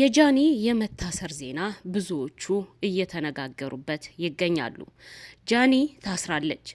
የጃኒ የመታሰር ዜና ብዙዎቹ እየተነጋገሩበት ይገኛሉ። ጃኒ ታስራለች።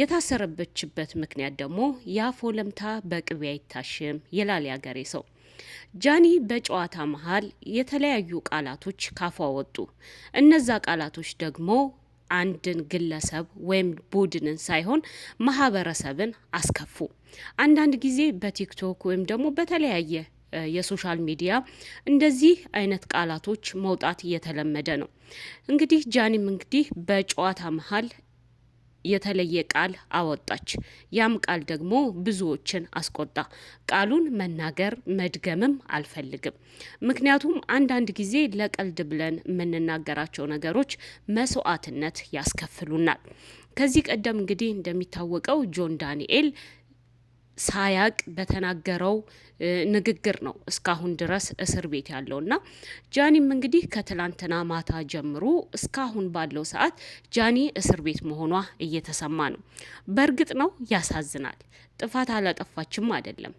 የታሰረበችበት ምክንያት ደግሞ የአፍ ወለምታ በቅቤ አይታሽም ይላል ያገሬ ሰው። ጃኒ በጨዋታ መሀል የተለያዩ ቃላቶች ካፏ ወጡ። እነዛ ቃላቶች ደግሞ አንድን ግለሰብ ወይም ቡድንን ሳይሆን ማህበረሰብን አስከፉ። አንዳንድ ጊዜ በቲክቶክ ወይም ደግሞ በተለያየ የሶሻል ሚዲያ እንደዚህ አይነት ቃላቶች መውጣት እየተለመደ ነው። እንግዲህ ጃኒም እንግዲህ በጨዋታ መሀል የተለየ ቃል አወጣች። ያም ቃል ደግሞ ብዙዎችን አስቆጣ። ቃሉን መናገር መድገምም አልፈልግም። ምክንያቱም አንዳንድ ጊዜ ለቀልድ ብለን የምንናገራቸው ነገሮች መስዋዕትነት ያስከፍሉናል። ከዚህ ቀደም እንግዲህ እንደሚታወቀው ጆን ዳንኤል ሳያቅ በተናገረው ንግግር ነው እስካሁን ድረስ እስር ቤት ያለው እና ጃኒም እንግዲህ ከትላንትና ማታ ጀምሮ እስካሁን ባለው ሰዓት ጃኒ እስር ቤት መሆኗ እየተሰማ ነው። በእርግጥ ነው ያሳዝናል። ጥፋት አላጠፋችም አይደለም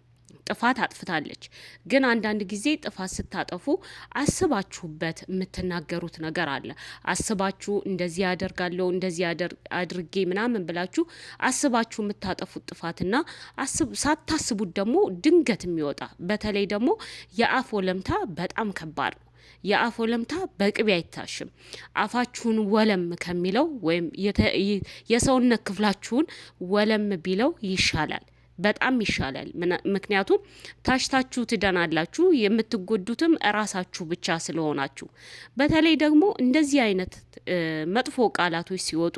ጥፋት አጥፍታለች። ግን አንዳንድ ጊዜ ጥፋት ስታጠፉ አስባችሁበት የምትናገሩት ነገር አለ። አስባችሁ እንደዚህ ያደርጋለሁ እንደዚህ አድርጌ ምናምን ብላችሁ አስባችሁ የምታጠፉት ጥፋትና ሳታስቡት ደግሞ ድንገት የሚወጣ በተለይ ደግሞ የአፍ ወለምታ በጣም ከባድ ነው። የአፍ ወለምታ በቅቤ አይታሽም። አፋችሁን ወለም ከሚለው ወይም የሰውነት ክፍላችሁን ወለም ቢለው ይሻላል። በጣም ይሻላል። ምክንያቱም ታሽታችሁ ትደናላችሁ፣ የምትጎዱትም እራሳችሁ ብቻ ስለሆናችሁ። በተለይ ደግሞ እንደዚህ አይነት መጥፎ ቃላቶች ሲወጡ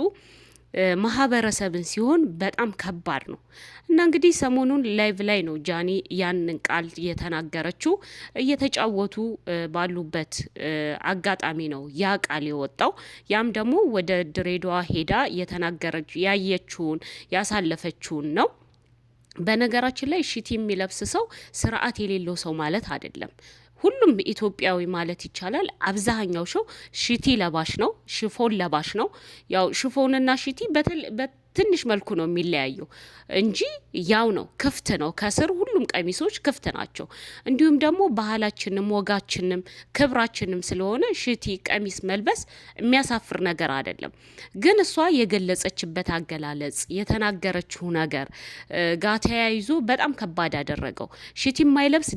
ማህበረሰብን ሲሆን በጣም ከባድ ነው እና እንግዲህ ሰሞኑን ላይቭ ላይ ነው ጃኒ ያንን ቃል እየተናገረችው እየተጫወቱ ባሉበት አጋጣሚ ነው ያ ቃል የወጣው። ያም ደግሞ ወደ ድሬዳዋ ሄዳ የተናገረች ያየችውን ያሳለፈችውን ነው። በነገራችን ላይ ሽቲ የሚለብስ ሰው ስርዓት የሌለው ሰው ማለት አይደለም። ሁሉም ኢትዮጵያዊ ማለት ይቻላል። አብዛኛው ሰው ሽቲ ለባሽ ነው፣ ሽፎን ለባሽ ነው። ያው ሽፎንና ሽቲ በትንሽ መልኩ ነው የሚለያየው እንጂ ያው ነው፣ ክፍት ነው። ከስር ሁሉም ቀሚሶች ክፍት ናቸው። እንዲሁም ደግሞ ባህላችንም ወጋችንም ክብራችንም ስለሆነ ሽቲ ቀሚስ መልበስ የሚያሳፍር ነገር አይደለም። ግን እሷ የገለጸችበት አገላለጽ የተናገረችው ነገር ጋር ተያይዞ በጣም ከባድ አደረገው። ሽቲ የማይለብስ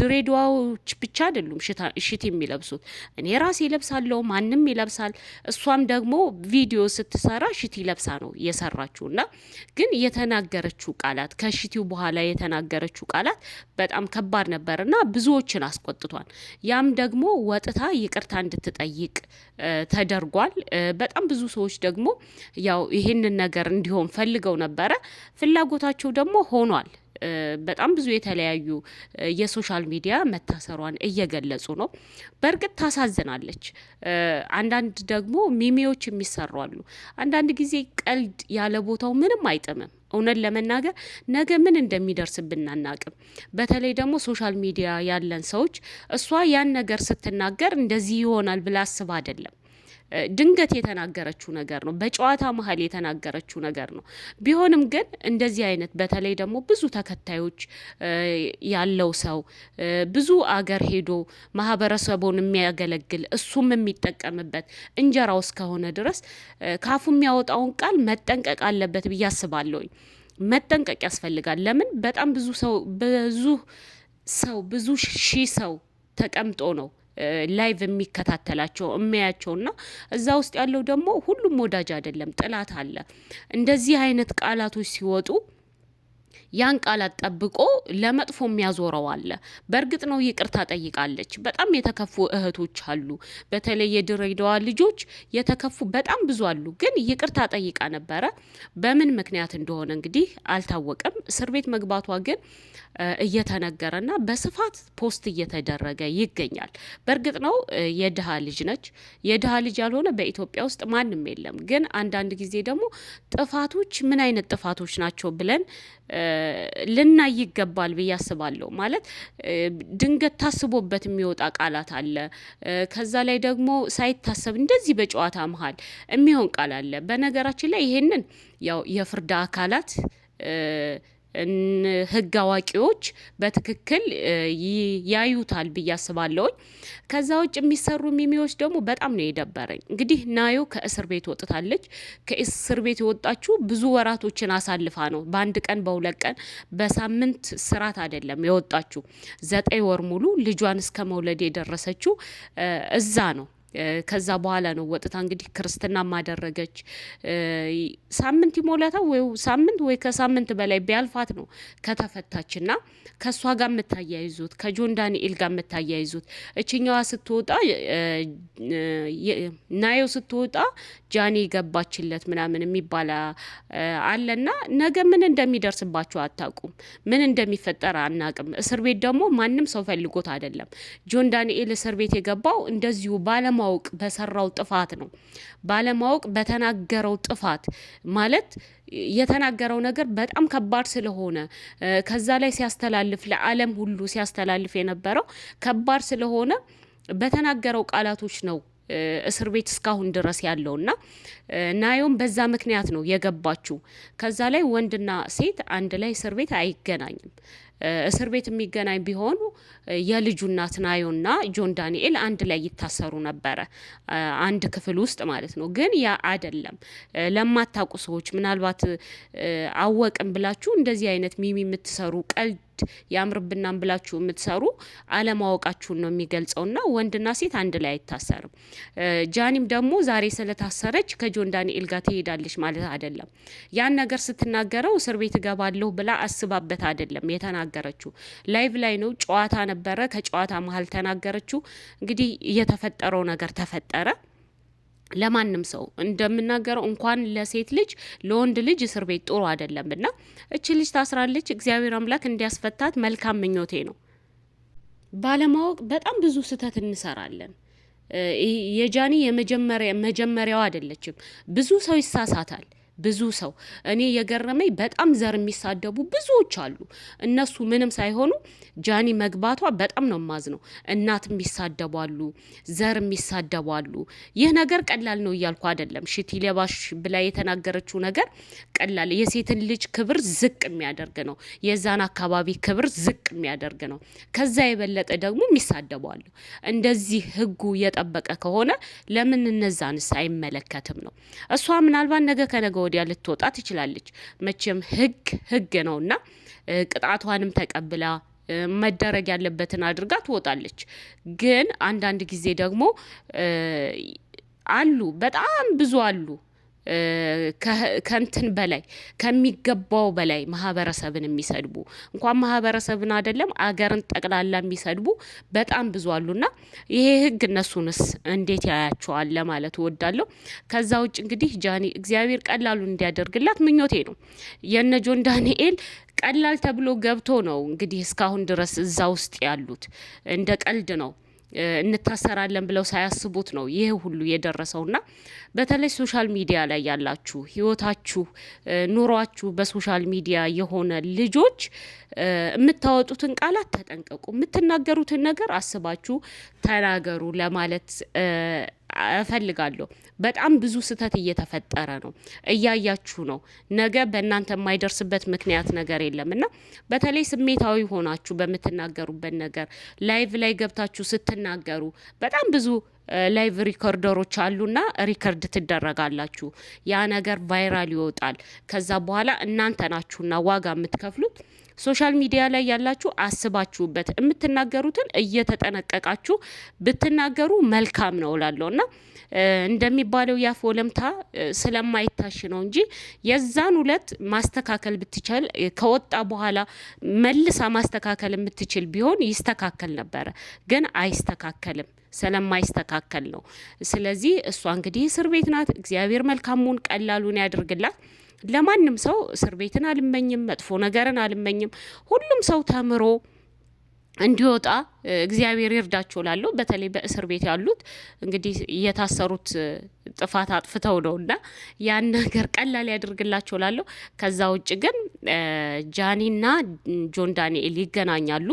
ድሬዳዋዎች ብቻ አይደሉም ሽቲ የሚለብሱት። እኔ ራሴ ይለብሳለሁ፣ ማንም ይለብሳል። እሷም ደግሞ ቪዲዮ ስትሰራ ሽቲ ለብሳ ነው የሰራ ያለባችሁ እና ግን የተናገረችው ቃላት ከሽቲው በኋላ የተናገረችው ቃላት በጣም ከባድ ነበር እና ብዙዎችን አስቆጥቷል። ያም ደግሞ ወጥታ ይቅርታ እንድትጠይቅ ተደርጓል። በጣም ብዙ ሰዎች ደግሞ ያው ይሄንን ነገር እንዲሆን ፈልገው ነበረ። ፍላጎታቸው ደግሞ ሆኗል። በጣም ብዙ የተለያዩ የሶሻል ሚዲያ መታሰሯን እየገለጹ ነው። በእርግጥ ታሳዝናለች። አንዳንድ ደግሞ ሚሜዎች የሚሰሩ አሉ። አንዳንድ ጊዜ ቀልድ ያለ ቦታው ምንም አይጥምም። እውነት ለመናገር ነገ ምን እንደሚደርስብን አናቅም። በተለይ ደግሞ ሶሻል ሚዲያ ያለን ሰዎች እሷ ያን ነገር ስትናገር እንደዚህ ይሆናል ብላ አስብ አይደለም ድንገት የተናገረችው ነገር ነው። በጨዋታ መሀል የተናገረችው ነገር ነው። ቢሆንም ግን እንደዚህ አይነት በተለይ ደግሞ ብዙ ተከታዮች ያለው ሰው ብዙ አገር ሄዶ ማህበረሰቡን የሚያገለግል እሱም የሚጠቀምበት እንጀራው እስከሆነ ድረስ ካፉ የሚያወጣውን ቃል መጠንቀቅ አለበት ብዬ አስባለሁኝ። መጠንቀቅ ያስፈልጋል። ለምን በጣም ብዙ ሰው ብዙ ሰው ብዙ ሺህ ሰው ተቀምጦ ነው ላይቭ የሚከታተላቸው ና እዛ ውስጥ ያለው ደግሞ ሁሉም ወዳጅ አይደለም፣ ጥላት አለ። እንደዚህ አይነት ቃላቶች ሲወጡ ያን ቃላት ጠብቆ ለመጥፎ የሚያዞረው አለ። በእርግጥ ነው ይቅርታ ጠይቃለች። በጣም የተከፉ እህቶች አሉ። በተለይ የድሬዳዋ ልጆች የተከፉ በጣም ብዙ አሉ። ግን ይቅርታ ጠይቃ ነበረ። በምን ምክንያት እንደሆነ እንግዲህ አልታወቀም። እስር ቤት መግባቷ ግን እየተነገረ ና በስፋት ፖስት እየተደረገ ይገኛል። በእርግጥ ነው የድሃ ልጅ ነች። የድሃ ልጅ ያልሆነ በኢትዮጵያ ውስጥ ማንም የለም። ግን አንዳንድ ጊዜ ደግሞ ጥፋቶች ምን አይነት ጥፋቶች ናቸው ብለን ልናይ ይገባል ብዬ አስባለሁ። ማለት ድንገት ታስቦበት የሚወጣ ቃላት አለ። ከዛ ላይ ደግሞ ሳይታሰብ እንደዚህ በጨዋታ መሀል የሚሆን ቃል አለ። በነገራችን ላይ ይሄንን ያው የፍርድ አካላት ህግ አዋቂዎች በትክክል ያዩታል ብዬ አስባለሁኝ። ከዛ ውጭ የሚሰሩ ሚሚዎች ደግሞ በጣም ነው የደበረኝ። እንግዲህ ናዮ ከእስር ቤት ወጥታለች። ከእስር ቤት የወጣችው ብዙ ወራቶችን አሳልፋ ነው። በአንድ ቀን በሁለት ቀን በሳምንት ስራት አይደለም የወጣችው። ዘጠኝ ወር ሙሉ ልጇን እስከ መውለድ የደረሰችው እዛ ነው። ከዛ በኋላ ነው ወጥታ እንግዲህ ክርስትና ማደረገች። ሳምንት ይሞላታ ወይ ሳምንት ወይ ከሳምንት በላይ ቢያልፋት ነው ከተፈታች ከሷ ከእሷ ጋር የምታያይዙት ከጆን ዳንኤል ጋር የምታያይዙት እችኛዋ ስትወጣ ናዮ ስትወጣ ጃኒ ገባችለት ምናምን የሚባል አለና ነገ ምን እንደሚደርስባቸው አታውቁም። ምን እንደሚፈጠር አናቅም እስር ቤት ደግሞ ማንም ሰው ፈልጎት አይደለም። ጆን ዳንኤል እስር ቤት የገባው እንደዚሁ ባለማ ባለማወቅ በሰራው ጥፋት ነው። ባለማወቅ በተናገረው ጥፋት ማለት የተናገረው ነገር በጣም ከባድ ስለሆነ ከዛ ላይ ሲያስተላልፍ ለዓለም ሁሉ ሲያስተላልፍ የነበረው ከባድ ስለሆነ በተናገረው ቃላቶች ነው እስር ቤት እስካሁን ድረስ ያለውና ናዮም በዛ ምክንያት ነው የገባችው። ከዛ ላይ ወንድና ሴት አንድ ላይ እስር ቤት አይገናኝም። እስር ቤት የሚገናኝ ቢሆኑ የልጁ እናት ናዮና ጆን ዳንኤል አንድ ላይ ይታሰሩ ነበረ፣ አንድ ክፍል ውስጥ ማለት ነው። ግን ያ አደለም። ለማታውቁ ሰዎች ምናልባት አወቅም ብላችሁ እንደዚህ አይነት ሚሚ የምትሰሩ ቀልድ በግድ ያምርብናም ብላችሁ የምትሰሩ አለማወቃችሁን ነው ና ወንድና ሴት አንድ ላይ አይታሰርም። ጃኒም ደግሞ ዛሬ ስለታሰረች ከጆን ዳንኤል ጋር ትሄዳለች ማለት አይደለም። ያን ነገር ስትናገረው እስር ቤት እገባለሁ ብላ አስባበት አይደለም የተናገረችው። ላይቭ ላይ ነው ጨዋታ ነበረ። ከጨዋታ መሀል ተናገረችው። እንግዲህ የተፈጠረው ነገር ተፈጠረ። ለማንም ሰው እንደምናገረው እንኳን ለሴት ልጅ ለወንድ ልጅ እስር ቤት ጥሩ አይደለም እና እች ልጅ ታስራለች። እግዚአብሔር አምላክ እንዲያስፈታት መልካም ምኞቴ ነው። ባለማወቅ በጣም ብዙ ስህተት እንሰራለን። የጃኒ የመጀመሪያ መጀመሪያው አይደለችም። ብዙ ሰው ይሳሳታል። ብዙ ሰው እኔ የገረመኝ በጣም ዘር የሚሳደቡ ብዙዎች አሉ። እነሱ ምንም ሳይሆኑ ጃኒ መግባቷ በጣም ነው ማዝ ነው። እናት የሚሳደቧሉ ዘር የሚሳደቧሉ። ይህ ነገር ቀላል ነው እያልኩ አይደለም። ሽቲ ሌባሽ ብላ የተናገረችው ነገር ቀላል የሴትን ልጅ ክብር ዝቅ የሚያደርግ ነው። የዛን አካባቢ ክብር ዝቅ የሚያደርግ ነው። ከዛ የበለጠ ደግሞ የሚሳደቧሉ። እንደዚህ ህጉ የጠበቀ ከሆነ ለምን እነዛንስ አይመለከትም ነው እሷ ምናልባት ነገ ከነገ ወዲያ ልትወጣ ትችላለች። መቼም ህግ ህግ እና ቅጣቷንም ተቀብላ መደረግ ያለበትን አድርጋ ትወጣለች። ግን አንዳንድ ጊዜ ደግሞ አሉ በጣም ብዙ አሉ ከንትን በላይ ከሚገባው በላይ ማህበረሰብን የሚሰድቡ እንኳን ማህበረሰብን አይደለም አገርን ጠቅላላ የሚሰድቡ በጣም ብዙ አሉና ይሄ ህግ እነሱንስ እንዴት ያያቸዋል ለማለት እወዳለሁ። ከዛ ውጭ እንግዲህ ጃኒ እግዚአብሔር ቀላሉን እንዲያደርግላት ምኞቴ ነው። የነ ጆን ዳንኤል ቀላል ተብሎ ገብቶ ነው እንግዲህ እስካሁን ድረስ እዛ ውስጥ ያሉት እንደ ቀልድ ነው። እንታሰራለን ብለው ሳያስቡት ነው ይህ ሁሉ የደረሰው ና በተለይ ሶሻል ሚዲያ ላይ ያላችሁ ህይወታችሁ፣ ኑሯችሁ በሶሻል ሚዲያ የሆነ ልጆች የምታወጡትን ቃላት ተጠንቀቁ። የምትናገሩትን ነገር አስባችሁ ተናገሩ ለማለት እፈልጋለሁ። በጣም ብዙ ስህተት እየተፈጠረ ነው፣ እያያችሁ ነው። ነገ በእናንተ የማይደርስበት ምክንያት ነገር የለም እና በተለይ ስሜታዊ ሆናችሁ በምትናገሩበት ነገር ላይቭ ላይ ገብታችሁ ስትናገሩ በጣም ብዙ ላይቭ ሪኮርደሮች አሉና ሪከርድ ትደረጋላችሁ። ያ ነገር ቫይራል ይወጣል። ከዛ በኋላ እናንተ ናችሁና ዋጋ የምትከፍሉት ሶሻል ሚዲያ ላይ ያላችሁ አስባችሁበት የምትናገሩትን እየተጠነቀቃችሁ ብትናገሩ መልካም ነው እላለሁ እና እንደሚባለው ያፍ ወለምታ ስለማይታሽ ነው እንጂ የዛን ሁለት ማስተካከል ብትችል ከወጣ በኋላ መልሳ ማስተካከል የምትችል ቢሆን ይስተካከል ነበረ፣ ግን አይስተካከልም ስለማይስተካከል ነው። ስለዚህ እሷ እንግዲህ እስር ቤት ናት። እግዚአብሔር መልካሙን ቀላሉን ያድርግላት። ለማንም ሰው እስር ቤትን አልመኝም፣ መጥፎ ነገርን አልመኝም። ሁሉም ሰው ተምሮ እንዲወጣ እግዚአብሔር ይርዳቸው ላለው በተለይ በእስር ቤት ያሉት እንግዲህ የታሰሩት ጥፋት አጥፍተው ነው እና ያን ነገር ቀላል ያደርግላቸው ላለው። ከዛ ውጭ ግን ጃኒና ጆን ዳንኤል ይገናኛሉ።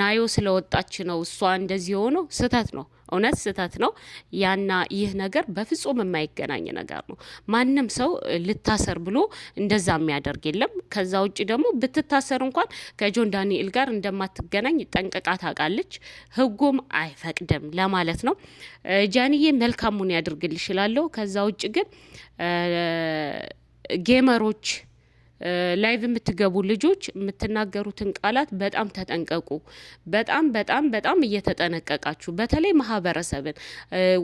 ናዮ ስለወጣች ነው እሷ እንደዚህ የሆነው ስህተት ነው። እውነት ስህተት ነው። ያና ይህ ነገር በፍጹም የማይገናኝ ነገር ነው። ማንም ሰው ልታሰር ብሎ እንደዛ የሚያደርግ የለም። ከዛ ውጭ ደግሞ ብትታሰር እንኳን ከጆን ዳንኤል ጋር እንደማትገናኝ ጠንቅቃ ታውቃለች። ትጠይቃለች። ህጉም አይፈቅድም ለማለት ነው። ጃንዬ መልካሙን ያድርግልሽ እላለሁ። ከዛ ውጭ ግን ጌመሮች ላይቭ የምትገቡ ልጆች የምትናገሩትን ቃላት በጣም ተጠንቀቁ። በጣም በጣም በጣም እየተጠነቀቃችሁ በተለይ ማህበረሰብን፣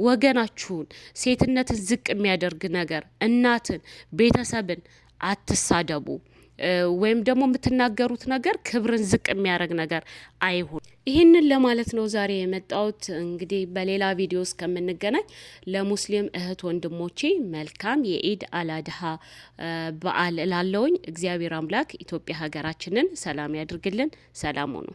ወገናችሁን፣ ሴትነትን ዝቅ የሚያደርግ ነገር እናትን፣ ቤተሰብን አትሳደቡ። ወይም ደግሞ የምትናገሩት ነገር ክብርን ዝቅ የሚያደርግ ነገር አይሁን። ይህንን ለማለት ነው ዛሬ የመጣሁት። እንግዲህ በሌላ ቪዲዮ እስከምንገናኝ ለሙስሊም እህት ወንድሞቼ መልካም የኢድ አላድሃ በዓል እላለውኝ። እግዚአብሔር አምላክ ኢትዮጵያ ሀገራችንን ሰላም ያድርግልን። ሰላም ሁኑ።